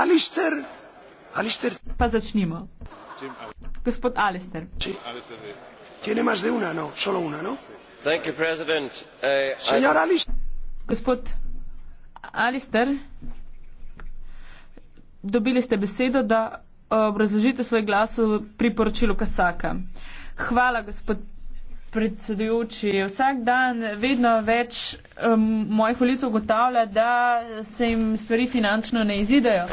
Alister. Alister. Pa začnimo. Gospod Alister. Tiene más de una, no, solo una, ¿no? Thank you, President. Uh, Señor Alister. Gospod Alister, dobili ste besedo, da obrazložite svoj glas v priporočilu Kasaka. Hvala, gospod predsedujoči. Vsak dan vedno več um, mojih volitev ugotavlja, da se jim stvari finančno ne izidejo.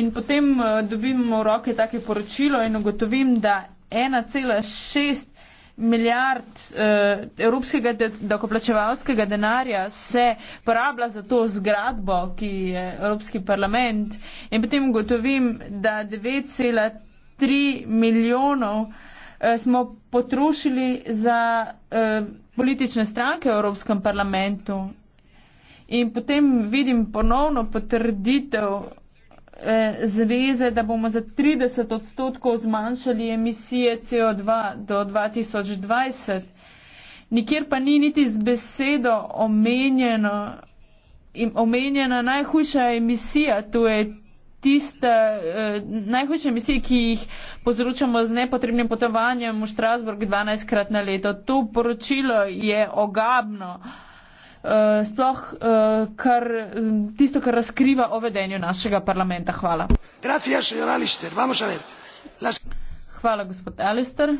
In potem uh, dobimo v roke take poročilo in ugotovim, da 1,6 milijard uh, evropskega dokoplačevalskega de denarja se porablja za to zgradbo, ki je Evropski parlament. In potem ugotovim, da 9,3 milijonov uh, Eh, smo potrošili za eh, politične stranke v Evropskem parlamentu. In potem vidim ponovno potrditev eh, zveze, da bomo za 30 odstotkov zmanjšali emisije CO2 do 2020. Nikjer pa ni niti z besedo omenjena najhujša emisija, to je tiste eh, najhujše emisije, ki jih povzročamo z nepotrebnim potovanjem v Štrasburg 12krat na leto. To poročilo je ogabno, eh, sploh eh, kar, tisto, kar razkriva o vedenju našega parlamenta. Hvala. Hvala, gospod Alister.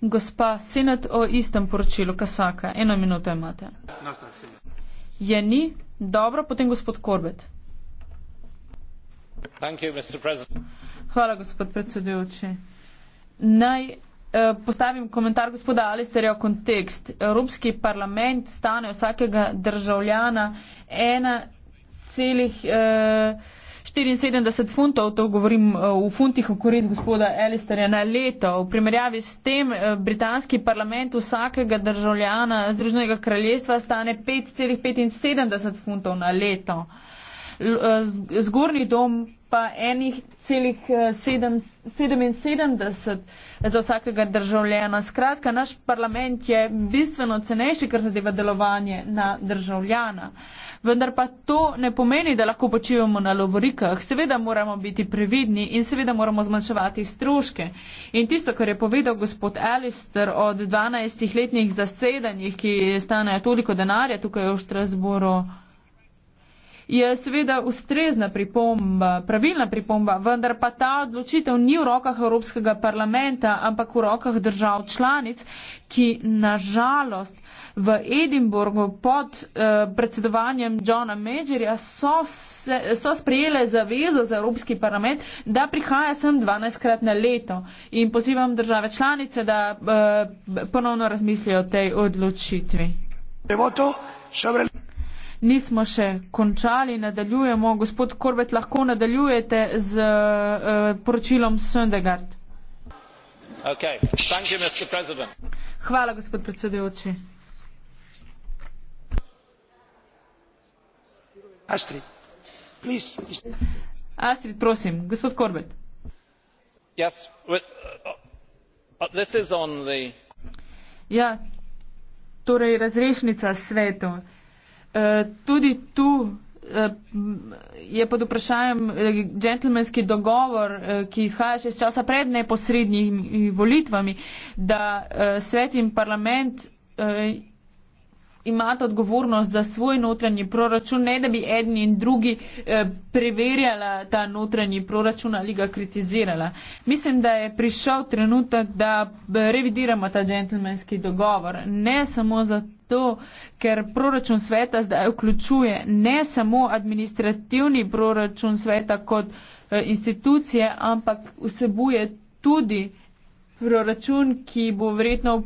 Gospa Sinet o istem poročilu Kasaka. Eno minuto imate. No, je ni? Dobro, potem gospod Korbet. Hvala, gospod predsedujoči. Naj eh, postavim komentar gospoda Alisterja o kontekst. Evropski parlament stane vsakega državljana ena celih eh, 74 funtov, to govorim eh, v funtih v korist gospoda Elisterja na leto. V primerjavi s tem eh, britanski parlament vsakega državljana Združenega kraljestva stane 5,75 funtov na leto. Eh, zgornji dom pa 1,77 za vsakega državljana. Skratka, naš parlament je bistveno cenejši, kar zadeva delovanje na državljana. Uh, Vendar pa to ne pomeni, da lahko počivamo na lovorikah. Seveda moramo biti previdni in seveda moramo zmanjševati stroške. In tisto, kar je povedal gospod Alistair od 12-letnih zasedanjih, ki stanejo toliko denarja tukaj v Štrasboru je seveda ustrezna pripomba, pravilna pripomba, vendar pa ta odločitev ni v rokah Evropskega parlamenta, ampak v rokah držav članic, ki nažalost v Edinburgu pod eh, predsedovanjem Johna Majorja so, so sprejele zavezo za Evropski parlament, da prihaja sem 12krat na leto in pozivam države članice, da eh, ponovno razmislijo o tej odločitvi nismo še končali, nadaljujemo. Gospod Korbet, lahko nadaljujete z uh, poročilom Söndegard. Okay. Thank you, Mr. President. Hvala, gospod predsedujoči. Astrid, please. Astrid, prosim, gospod Korbet. Yes, uh, uh, this is on the. Ja, torej razrešnica svetu. Eh, tudi tu eh, je pod vprašanjem džentlmenski eh, dogovor, ki izhaja še iz časa pred neposrednjimi volitvami, da svet in parlament imate odgovornost za svoj notranji proračun, ne da bi eden in drugi eh, preverjala ta notranji proračun ali ga kritizirala. Mislim, da je prišel trenutek, da revidiramo ta džentlmenski dogovor. Ne samo zato, ker proračun sveta zdaj vključuje ne samo administrativni proračun sveta kot eh, institucije, ampak vsebuje tudi proračun, ki bo verjetno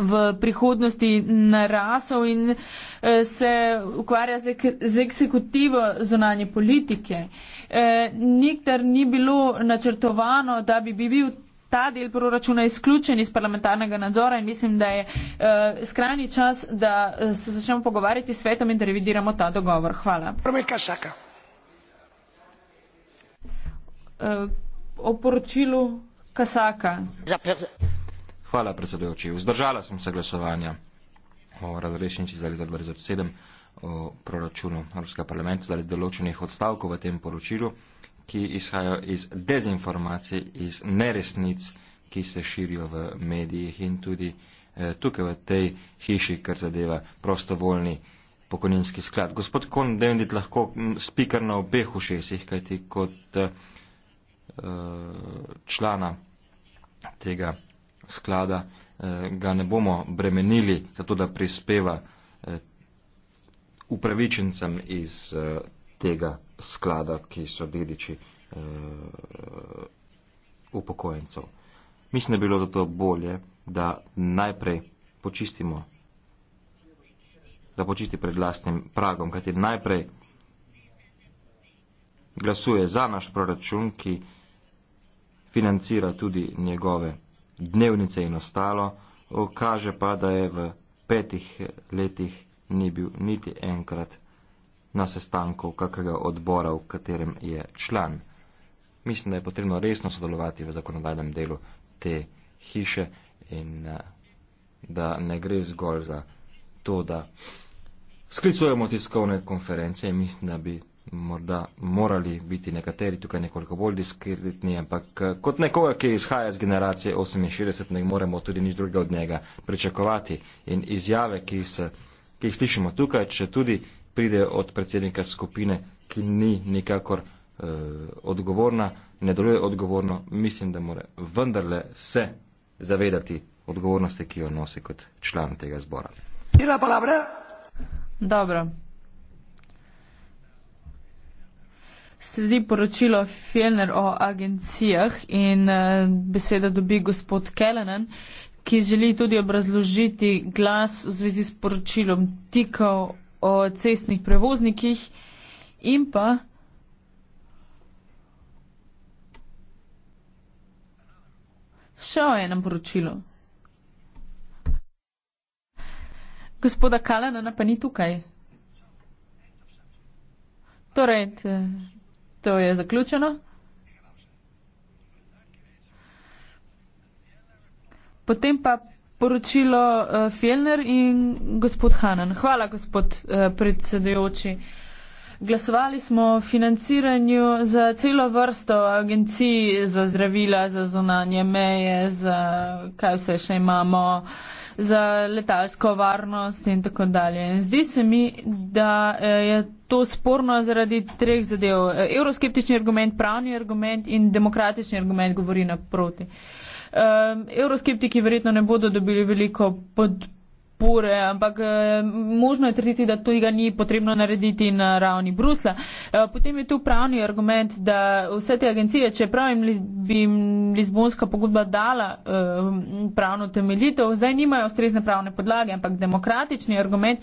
v prihodnosti narasel in eh, se ukvarja z eksekutivo zunanje politike. Eh, nikdar ni bilo načrtovano, da bi bil. Ta del proračuna je izključen iz parlamentarnega nadzora in mislim, da je eh, skrajni čas, da eh, se začnemo pogovarjati s svetom in da revidiramo ta dogovor. Hvala. Eh, o poročilu Kasaka. Zapr Hvala, predsedujoči. Vzdržala sem se glasovanja o razrešnici za leto 2007 o proračunu Evropskega parlamenta zaradi določenih odstavkov v tem poročilu, ki izhajajo iz dezinformacij, iz neresnic, ki se širijo v medijih in tudi eh, tukaj v tej hiši, kar zadeva prostovoljni pokojninski sklad. Gospod Kon Dendit lahko spikar na obeh ušesih, kajti kot eh, člana tega sklada, eh, ga ne bomo bremenili, zato da prispeva eh, upravičencem iz eh, tega sklada, ki so dediči upokojencev. Mislim, da bi bilo zato bolje, da najprej počistimo, da počisti pred lastnim pragom, kajti najprej glasuje za naš proračun, ki financira tudi njegove dnevnice in ostalo, kaže pa, da je v petih letih ni bil niti enkrat na sestanku kakrega odbora, v katerem je član. Mislim, da je potrebno resno sodelovati v zakonodajnem delu te hiše in eh, da ne gre zgolj za to, da sklicujemo tiskovne konference in mislim, da bi morda morali biti nekateri tukaj nekoliko bolj diskretni, ampak eh, kot nekoga, ki izhaja iz generacije 68, ne moremo tudi nič drugega od njega pričakovati. In izjave, ki, se, ki jih slišimo tukaj, če tudi pridejo od predsednika skupine, ki ni nikakor eh, odgovorna, ne deluje odgovorno, mislim, da mora vendarle se zavedati odgovornosti, ki jo nosi kot član tega zbora. Dobro. Sledi poročilo Fjellner o agencijah in eh, besedo dobi gospod Kellenen, ki želi tudi obrazložiti glas v zvezi s poročilom tikov o cestnih prevoznikih in pa. Še o enem poročilu. Gospoda Kalana pa ni tukaj. Torej, te... To je zaključeno. Potem pa poročilo uh, Fjellner in gospod Hanan. Hvala, gospod uh, predsedujoči. Glasovali smo o financiranju za celo vrsto agencij za zdravila, za zunanje meje, za kaj vse še imamo. Uh, za letalsko varnost in tako dalje. In zdi se mi, da eh, je to sporno zaradi treh zadev. Euroskeptični eh, argument, pravni argument in demokratični argument govori naproti. Euroskeptiki eh, verjetno ne bodo dobili veliko podporo podpore, ampak eh, možno je trditi, da to ga ni potrebno narediti na ravni Brusla. Eh, potem je tu pravni argument, da vse te agencije, čeprav jim bi jim Lizbonska pogodba dala eh, pravno temeljitev, zdaj nimajo ustrezne pravne podlage, ampak demokratični argument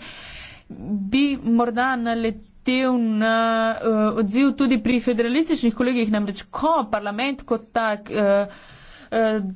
bi morda naletel na uh, odziv tudi pri federalističnih kolegih, namreč ko parlament kot tak uh, uh,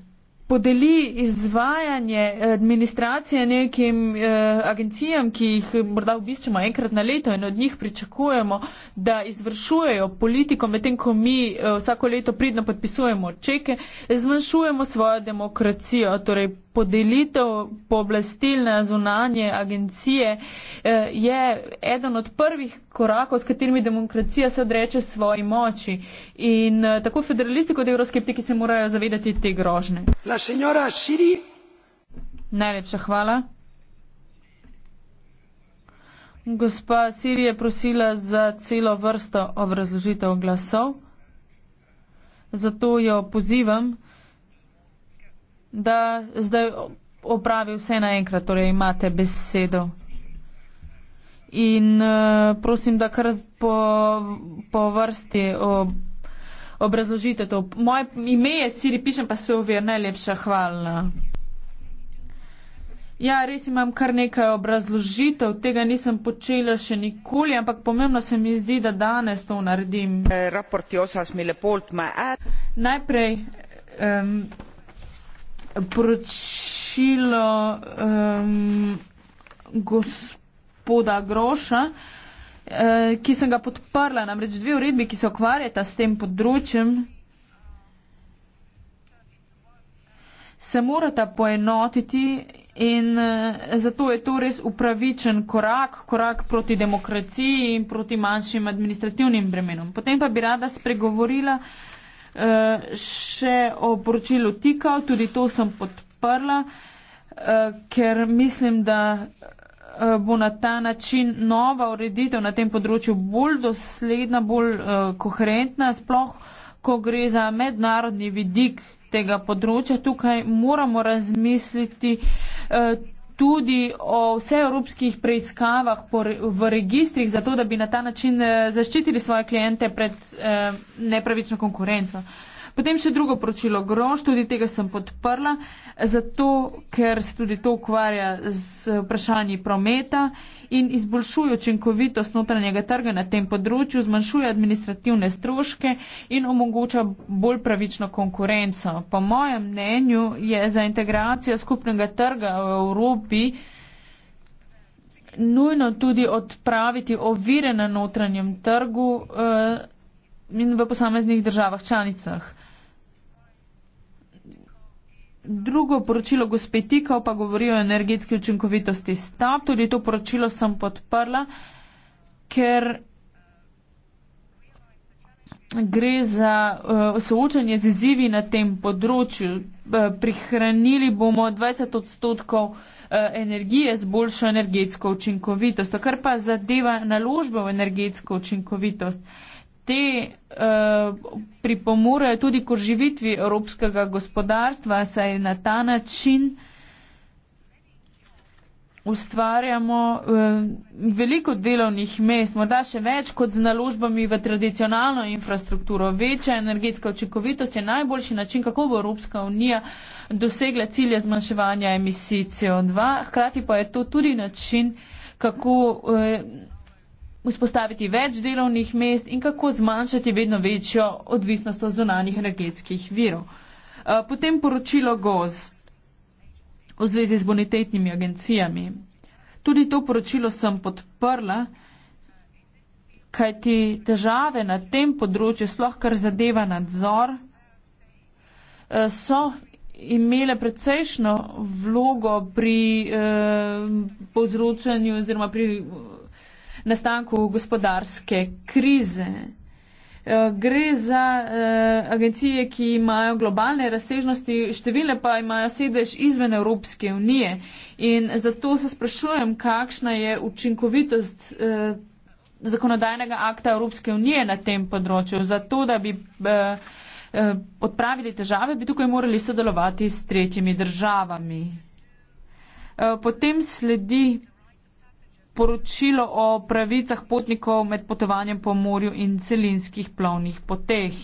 podeli izvajanje administracije nekim eh, agencijam, ki jih morda obiščemo enkrat na leto in od njih pričakujemo, da izvršujejo politiko, medtem ko mi eh, vsako leto pridno podpisujemo čeke, zmanjšujemo svojo demokracijo. Torej podelitev pooblastil na zunanje agencije eh, je eden od prvih korakov, s katerimi demokracija se odreče svoji moči. In eh, tako federalisti kot evroskeptiki se morajo zavedati te grožne. La signora Siri. Najlepša hvala. Gospa Siri je prosila za celo vrsto obrazložitev glasov. Zato jo pozivam da zdaj opravi vse naenkrat, torej imate besedo. In uh, prosim, da kar po, po vrsti ob, obrazložite to. Moje ime je Siri, pišem pa se uvir, najlepša hvala. Ja, res imam kar nekaj obrazložitev, tega nisem počela še nikoli, ampak pomembno se mi zdi, da danes to naredim. Eh, Najprej. Um, poročilo um, gospoda Groša, eh, ki sem ga podprla, namreč dve uredbi, ki se okvarjata s tem področjem, se morata poenotiti in eh, zato je to res upravičen korak, korak proti demokraciji in proti manjšim administrativnim bremenom. Potem pa bi rada spregovorila eh, Eh, še o poročilu Tika, tudi to sem podprla, eh, ker mislim, da eh, bo na ta način nova ureditev na tem področju bolj dosledna, bolj koherentna, sploh ko gre za mednarodni vidik tega področja. Tukaj moramo razmisliti tudi o vseevropskih preiskavah v registrih, zato da bi na ta način eh, zaščitili svoje klijente pred eh, nepravično konkurenco. Potem še drugo poročilo, grož, tudi tega sem podprla, zato ker se tudi to ukvarja z vprašanji prometa in izboljšuje učinkovitost notranjega trga na tem področju, zmanjšuje administrativne stroške in omogoča bolj pravično konkurenco. Po mojem mnenju je za integracijo skupnega trga v Evropi nujno tudi odpraviti ovire na notranjem trgu eh, in v posameznih državah članicah. Drugo poročilo gospe Tikal pa govori o energetski učinkovitosti stav. Tudi to poročilo sem podprla, ker gre za uh, soočanje z izzivi na tem področju. Uh, prihranili bomo 20 odstotkov eh, energije z boljšo energetsko učinkovitost. Kar pa zadeva naložbo v energetsko učinkovitost, uh, te uh, pripomorejo tudi k oživitvi evropskega gospodarstva, saj na ta način ustvarjamo uh, veliko delovnih mest, morda še več kot z naložbami v tradicionalno infrastrukturo. Večja energetska očekovitost je najboljši način, kako bo Evropska unija dosegla cilje zmanjševanja emisij CO2, hkrati pa je to tudi način, kako. Uh, vzpostaviti več delovnih mest in kako zmanjšati vedno večjo odvisnost od zunanih energetskih virov. Eh, potem poročilo GOZ v zvezi z bonitetnimi agencijami. Tudi to poročilo sem podprla, kajti težave na tem področju, sploh kar zadeva nadzor, eh, so imele precejšno vlogo pri eh, povzročanju oziroma pri. Eh, nastanku gospodarske krize. Eh, gre za uh, agencije, ki imajo globalne razsežnosti, številne pa imajo sedež izven Evropske unije. In zato se sprašujem, kakšna je učinkovitost uh, zakonodajnega akta Evropske unije na tem področju. Zato, da bi uh, uh, odpravili težave, bi tukaj morali sodelovati s tretjimi državami. Uh, potem sledi poročilo o pravicah potnikov med potovanjem po morju in celinskih plovnih poteh.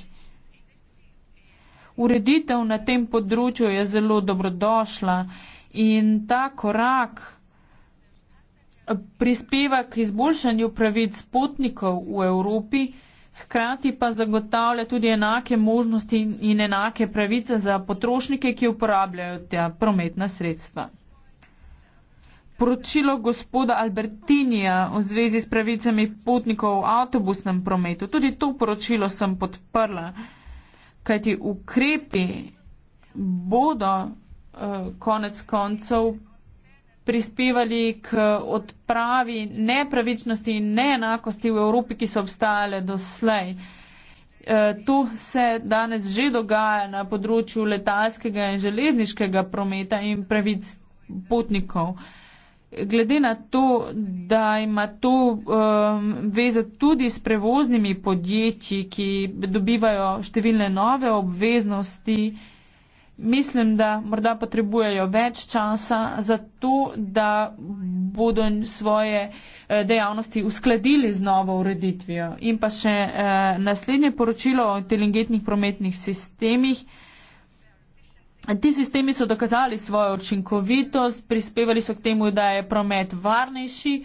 Ureditev na tem področju je zelo dobrodošla in ta korak prispeva k izboljšanju pravic potnikov v Evropi, hkrati pa zagotavlja tudi enake možnosti in enake pravice za potrošnike, ki uporabljajo ta prometna sredstva poročilo gospoda Albertinija v zvezi s pravicami potnikov v avtobusnem prometu. Tudi to poročilo sem podprla, kajti ukrepi bodo eh, konec koncev prispevali k odpravi nepravičnosti in neenakosti v Evropi, ki so obstajale doslej. Eh, to se danes že dogaja na področju letalskega in železniškega prometa in pravic potnikov glede na to, da ima to um, veze tudi s prevoznimi podjetji, ki dobivajo številne nove obveznosti, mislim, da morda potrebujejo več časa za to, da bodo svoje eh, dejavnosti uskladili z novo ureditvijo. In pa še uh, naslednje poročilo o inteligentnih prometnih sistemih. Uh, Ti sistemi so dokazali svojo učinkovitost, prispevali so k temu, da je promet varnejši,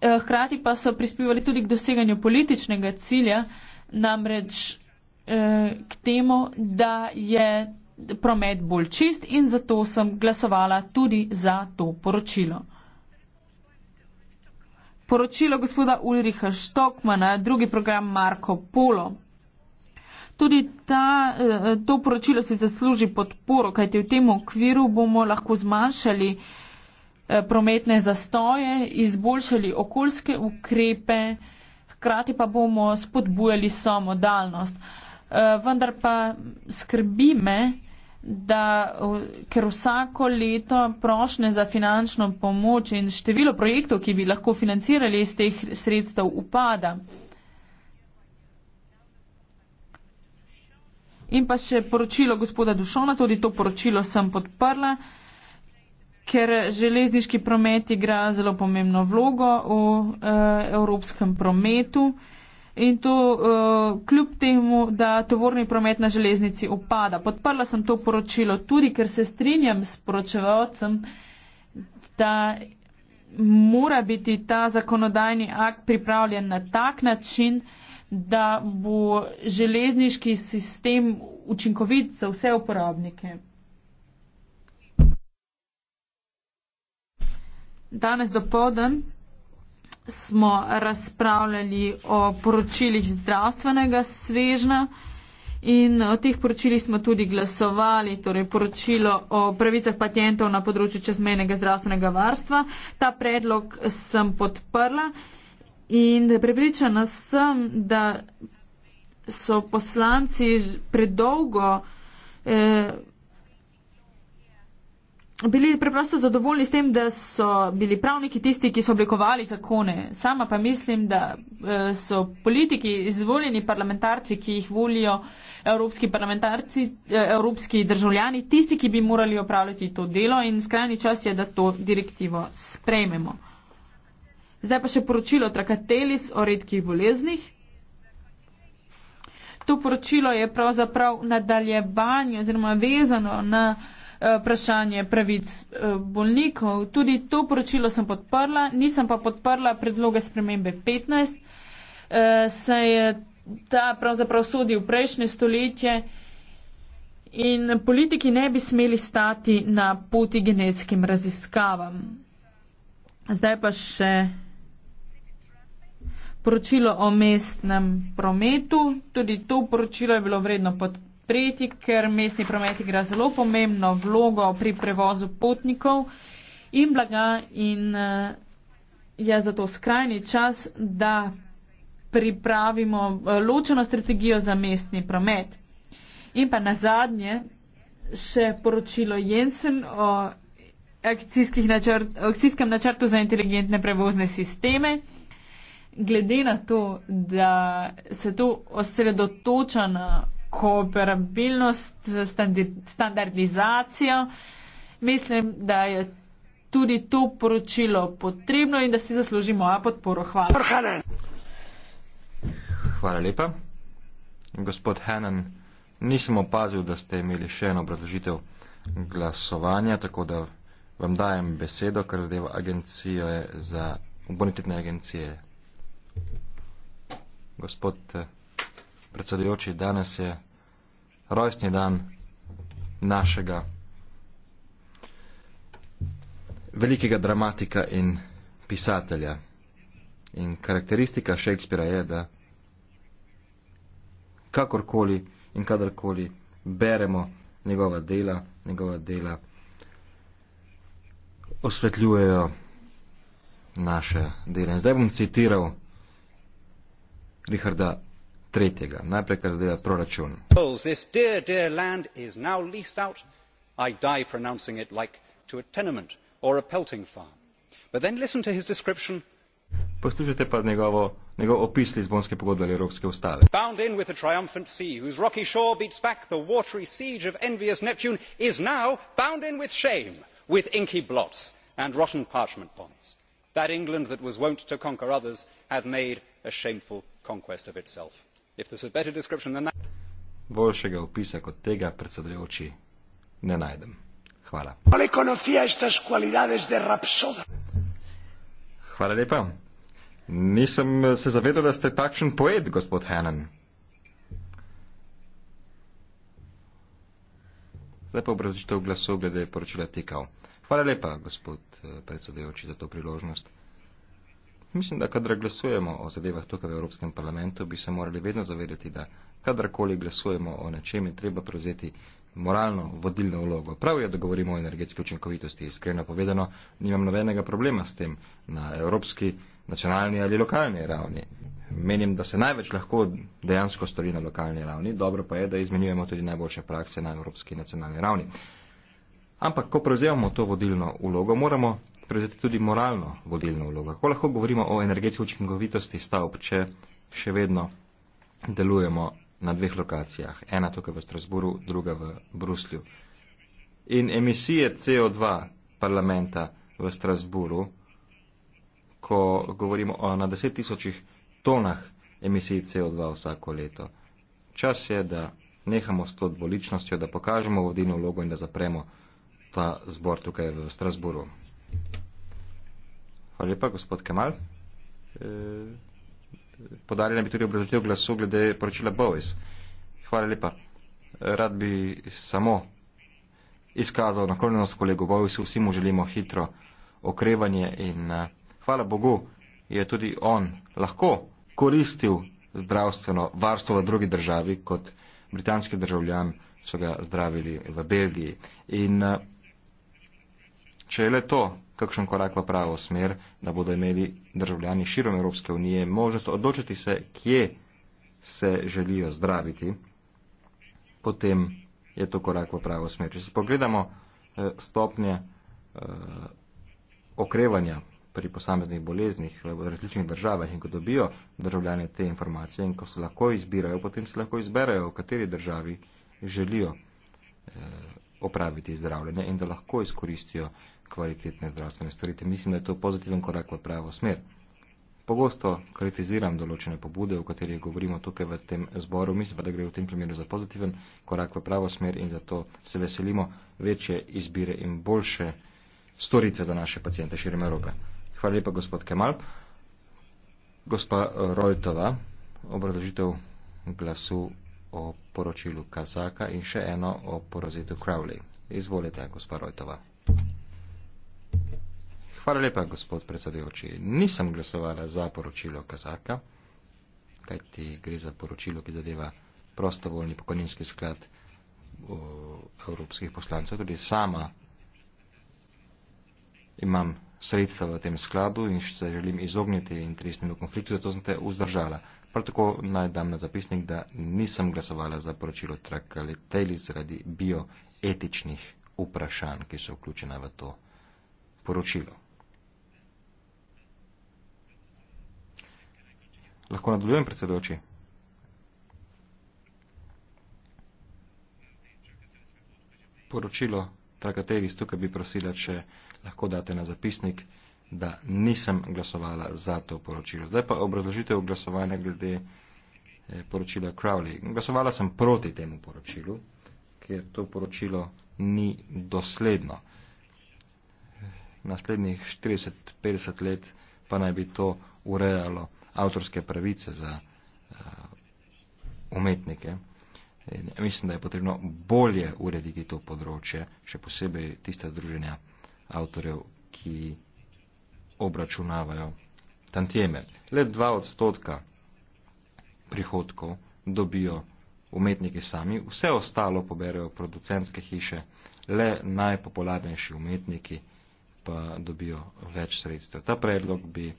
eh, hkrati pa so prispevali tudi k doseganju političnega cilja, namreč eh, k temu, da je promet bolj čist in zato sem glasovala tudi za to poročilo. Poročilo gospoda Ulriha Štokmana, drugi program Marko Polo tudi ta, eh, to poročilo si zasluži podporo, kajti v tem okviru bomo lahko zmanjšali eh, prometne zastoje, izboljšali okoljske ukrepe, hkrati pa bomo spodbujali samodalnost. Eh, vendar pa skrbi me, da ker vsako leto prošne za finančno pomoč in število projektov, ki bi lahko financirali iz teh sredstev, upada. In pa še poročilo gospoda Dušona, tudi to poročilo sem podprla, ker železniški promet igra zelo pomembno vlogo v uh, evropskem prometu. In to uh, kljub temu, da tovorni promet na železnici upada. Podprla sem to poročilo tudi, ker se strinjam s poročevalcem, da mora biti ta zakonodajni akt pripravljen na tak način, uh, da bo železniški sistem učinkovit za vse uporabnike. Danes do povdan smo razpravljali o poročilih zdravstvenega svežna in o teh poročilih smo tudi glasovali, torej poročilo o pravicah pacijentov na področju čezmenega zdravstvenega varstva. Ta predlog sem podprla. In prepričana sem, da so poslanci predolgo eh, bili preprosto zadovoljni s tem, da so bili pravniki tisti, ki so oblikovali zakone. Sama pa mislim, da eh, so politiki, izvoljeni parlamentarci, ki jih volijo evropski parlamentarci, eh, evropski državljani, tisti, ki bi morali opravljati to delo in skrajni čas je, da to direktivo sprejmemo. Zdaj pa še poročilo Trakatelis o redkih boleznih. To poročilo je pravzaprav nadaljevanje oziroma vezano na eh, vprašanje pravic eh, bolnikov. Tudi to poročilo sem podprla, nisem pa podprla predloga spremembe 15, eh, saj je ta pravzaprav sodi v prejšnje stoletje in politiki ne bi smeli stati na poti genetskim raziskavam. Zdaj pa še poročilo o mestnem prometu. Tudi to poročilo je bilo vredno podpreti, ker mestni promet igra zelo pomembno vlogo pri prevozu potnikov in blaga in eh, je zato skrajni čas, da pripravimo eh, ločeno strategijo za mestni promet. In pa na zadnje še poročilo Jensen o akcijskem načrtu za inteligentne prevozne sisteme glede na to, da se to osredotoča na kooperabilnost, standardizacijo, mislim, da je tudi to poročilo potrebno in da si zasluži moja podporo. Hvala. Hvala lepa. Gospod Hanen, nisem opazil, da ste imeli še eno obrazložitev glasovanja, tako da vam dajem besedo, ker zadeva agencije za bonitetne agencije Gospod eh, predsedujoči, danes je rojstni dan našega velikega dramatika in pisatelja. In karakteristika Shakespearea je, da kakorkoli in kadarkoli beremo njegova dela, njegova dela osvetljujejo naše dele. In zdaj bom citiral Richarda III. Najprej, kar zadeva proračun. This dear, dear land is now leased out. I die pronouncing it like to a tenement or a pelting farm. But then listen to his description. Poslušajte pa njegovo, njegov opis Lizbonske pogodbe ali Evropske ustave. Bound in with a triumphant sea, whose rocky shore beats back the watery siege of envious Neptune, is now bound in with shame, with inky blots and rotten parchment bonds. That England that was wont to conquer others hath made a shameful conquest of itself. If there's a better description than that. Boljšega opisa kot tega, predsedujoči, ne najdem. Hvala. Hvala lepa. Nisem eh, se zavedal, da ste takšen poet, gospod Hannan. Zdaj pa obrazložitev glasov glede poročila tekal. Hvala lepa, gospod eh, predsedujoči, za to priložnost. Mislim, da kadar glasujemo o zadevah tukaj v Evropskem parlamentu, bi se morali vedno zavedati, da kadarkoli glasujemo o nečem, je treba prevzeti moralno vodilno vlogo. Prav je, da govorimo o energetski učinkovitosti. Iskreno povedano, nimam nobenega problema s tem na evropski, nacionalni ali lokalni ravni. Menim, da se največ lahko dejansko stori na lokalni ravni. Dobro pa je, da izmenjujemo tudi najboljše prakse na evropski nacionalni ravni. Ampak, ko prevzemamo to vodilno vlogo, moramo prevzeti tudi moralno vodilno vlogo. Kako lahko govorimo o energetski učinkovitosti stavb, če še vedno delujemo na dveh lokacijah, ena tukaj v Strasburu, druga v Bruslju. In emisije CO2 parlamenta v Strasburu, ko govorimo o na deset tisočih tonah emisij CO2 vsako leto. Čas je, da nehamo s to dvoličnostjo, da pokažemo vodilno vlogo in da zapremo ta zbor tukaj v Strasburu. Hvala lepa, gospod Kemal. E, podarili nam bi tudi obrazložitev glasu glede poročila Bovis. Hvala lepa. Rad bi samo izkazal naklonjenost kolegu Bovisu, vsi mu želimo hitro okrevanje in e, hvala Bogu je tudi on lahko koristil zdravstveno varstvo v drugi državi, kot britanski državljan so ga zdravili v Belgiji. In e, Če je le to, kakšen korak v pravo smer, da bodo imeli državljani širom Evropske unije možnost odločiti se, kje se želijo zdraviti, potem je to korak v pravo smer. Če se pogledamo eh, stopnje eh, okrevanja pri posameznih boleznih v različnih državah in ko dobijo državljane te informacije in ko se lahko izbirajo, potem se lahko izberajo, v kateri državi želijo eh, opraviti zdravljenje in da lahko izkoristijo kvalitetne zdravstvene storitve. Mislim, da je to pozitiven korak v pravo smer. Pogosto kritiziram določene pobude, o katerih govorimo tukaj v tem zboru, mislim pa, da gre v tem primeru za pozitiven korak v pravo smer in zato se veselimo večje izbire in boljše storitve za naše pacijente širim Evrope. Hvala lepa, gospod Kemal. Gospa Rojtova, obrazložitev glasu o poročilu Kazaka in še eno o porazitu Crowley. Izvolite, gospa Rojtova. Thank you. Hvala lepa, gospod predsedujoči. Nisem glasovala za poročilo Kazaka, kajti gre za poročilo, ki zadeva prostovoljni pokojninski sklad evropskih poslancev. Tudi sama imam sredstva v tem skladu in se želim izogniti interesnemu konfliktu, zato sem te vzdržala. Prav tako naj dam na zapisnik, da nisem glasovala za poročilo Trakaliteli zaradi bioetičnih vprašanj, ki so vključena v to poročilo. Lahko nadaljujem, predsedujoči? Poročilo Trakateris tukaj bi prosila, če lahko date na zapisnik, da nisem glasovala za to poročilo. Zdaj pa obrazložitev glasovanja glede eh, poročila Crowley. Glasovala sem proti temu poročilu, ker to poročilo ni dosledno. Naslednjih 40-50 let pa naj bi to urejalo avtorske pravice za uh, umetnike. In ja, mislim, da je potrebno bolje urediti to področje, še posebej tiste združenja avtorjev, ki obračunavajo tantjeme. Le dva odstotka prihodkov dobijo umetniki sami, vse ostalo poberajo producentske hiše, le najpopularnejši umetniki pa dobijo več sredstev. Ta predlog bi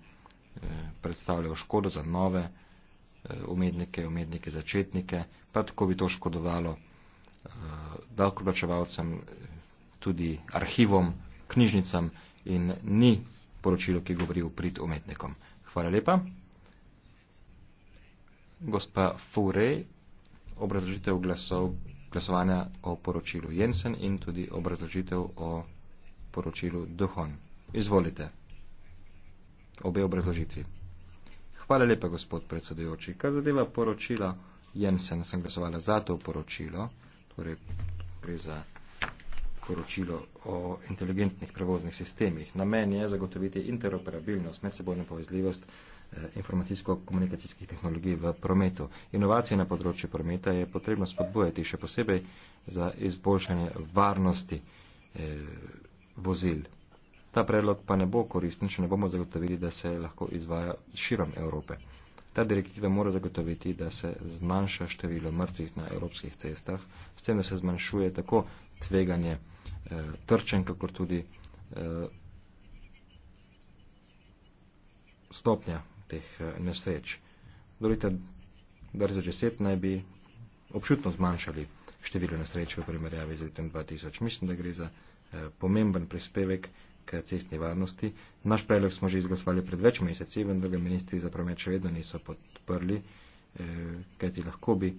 predstavljajo škodo za nove eh, umetnike, umetnike začetnike, pa tako bi to škodovalo eh, davkoplačevalcem, tudi arhivom, knjižnicam in ni poročilo, ki govori v prid umetnikom. Hvala lepa. Gospa Furej, obrazložitev glasov, glasovanja o poročilu Jensen in tudi obrazložitev o poročilu Duhon. Izvolite obe obrazložitvi. Hvala lepa, gospod predsedujoči. Kar zadeva poročila Jensen, sem glasovala za to poročilo, torej gre za poročilo o inteligentnih prevoznih sistemih. Namen je zagotoviti interoperabilnost, medsebojno povezljivost eh, informacijsko-komunikacijskih tehnologij v prometu. Inovacije na področju prometa je potrebno spodbujati, še posebej za izboljšanje varnosti eh, vozil. Ta predlog pa ne bo koristen, če ne bomo zagotovili, da se lahko izvaja širom Evrope. Ta direktiva mora zagotoviti, da se zmanjša število mrtvih na evropskih cestah, s tem, da se zmanjšuje tako tveganje e, eh, trčen, kakor tudi e, stopnja teh e, nesreč. Do leta 2010 naj bi občutno zmanjšali število nesreč v primerjavi z letom 2000. Mislim, da gre za e, pomemben prispevek cestni varnosti. Naš predlog smo že izglasovali pred več meseci, vendar ga ministri za promet še vedno niso podprli, eh, kajti lahko bi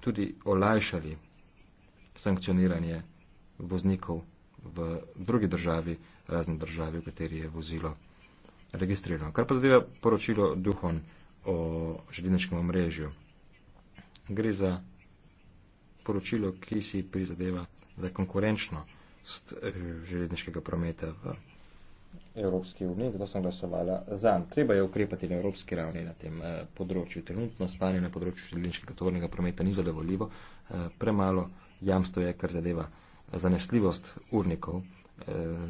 tudi olajšali sankcioniranje voznikov v drugi državi, razne državi, v kateri je vozilo registrirano. Kar pa zadeva poročilo Duhon o želiničkem omrežju. Gre za poročilo, ki si prizadeva za konkurenčno prihodnost eh, železniškega prometa v Evropski uniji, zato sem glasovala za. Treba je ukrepati na evropski ravni na tem eh, področju. Trenutno stanje na področju železniškega tovornega prometa ni zadovoljivo. Eh, premalo jamstvo je, kar zadeva zanesljivost urnikov, eh,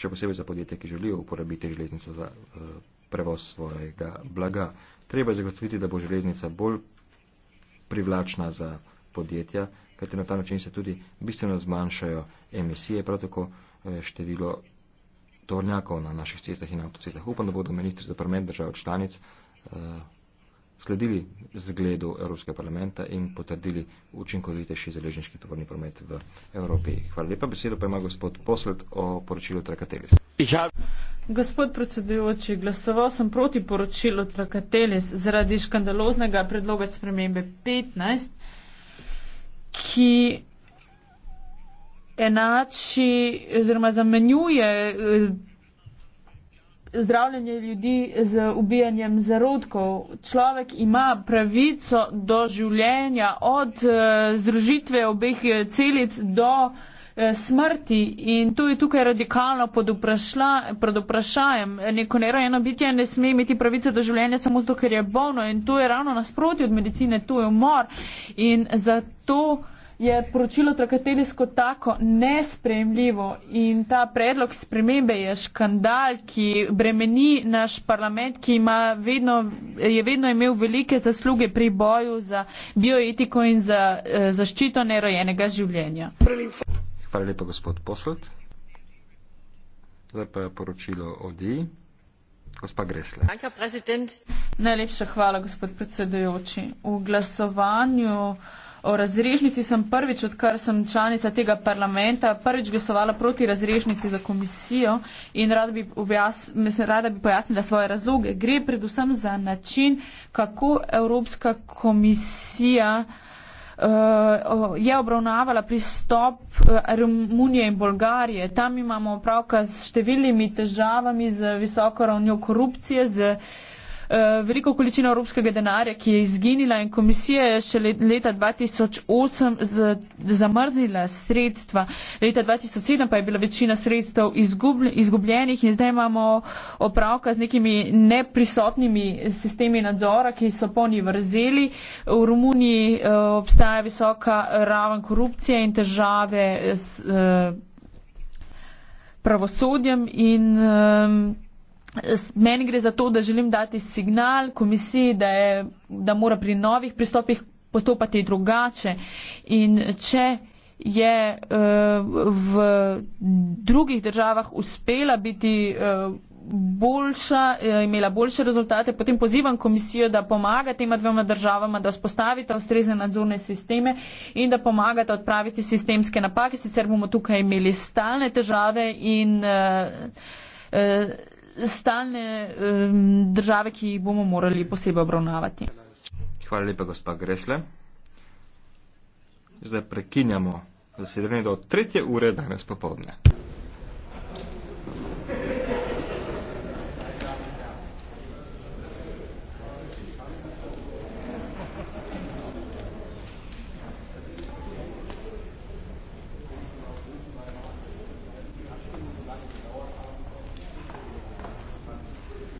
še posebej za podjetje, ki želijo uporabiti železnico za eh, prevoz svojega blaga. Treba je zagotoviti, da bo železnica bolj privlačna za podjetja, kajti na ta način se tudi bistveno zmanjšajo emisije, prav tako eh, število tovornjakov na naših cestah in avtocestah. Upam, da bodo ministri za promet držav članic uh, sledili zgledu Evropskega parlamenta in potrdili učinkovitejši zeleženjski tovorni promet v Evropi. Hvala lepa. Besedo pa ima gospod Posled o poročilu Trakatelis. Ja. Gospod predsedujoči, glasoval sem proti poročilu Trakatelis zaradi škandaloznega predloga spremembe 15 ki enači oziroma zamenjuje eh, zdravljenje ljudi z ubijanjem zarodkov. Človek ima pravico do življenja od eh, združitve obeh eh, celic do Eh, smrti in to je tukaj radikalno pod, vprašla, pod vprašajem. Neko nerojeno bitje ne sme imeti pravice do življenja samo zato, ker je bolno in to je ravno nasproti od medicine, to je umor in zato je poročilo trakatelijsko tako nespremljivo in ta predlog spremembe je škandal, ki bremeni naš parlament, ki ima vedno, je vedno imel velike zasluge pri boju za bioetiko in za eh, zaščito nerojenega življenja. Prelimfo. Hvala lepa, gospod Poslot. Zdaj pa je poročilo ODI. Gospa Gresle. Najlepša hvala, gospod predsedujoči. V glasovanju o razrežnici sem prvič, odkar sem članica tega parlamenta, prvič glasovala proti razrežnici za komisijo in rada bi, mislim, rada bi pojasnila svoje razloge. Gre predvsem za način, kako Evropska komisija. Eh, je obravnavala pristop eh, Romunije in Bolgarije. Tam imamo opravka s številnimi težavami, z visoko ravnjo korupcije, z uh, Eh, veliko količino evropskega denarja, ki je izginila in komisija je še leta 2008 zamrznila sredstva. Leta 2007 pa je bila večina sredstev izgubljenih in zdaj imamo opravka z nekimi neprisotnimi sistemi nadzora, ki so poni vrzeli. V Romuniji eh, obstaja visoka raven korupcije in težave s eh, pravosodjem in um, meni gre za to, da želim dati signal komisiji, da, je, da mora pri novih pristopih postopati drugače. In če je eh, v drugih državah uspela biti eh, boljša, eh, imela boljše rezultate, potem pozivam komisijo, da pomaga tema dvema državama, da spostavite ustrezne nadzorne sisteme in da pomagate odpraviti sistemske napake, sicer bomo tukaj imeli stalne težave in uh, uh, stalne države, ki jih bomo morali posebej obravnavati. Hvala lepa, gospa Gresle. Zdaj prekinjamo zasedanje do tretje ure danes popovdne.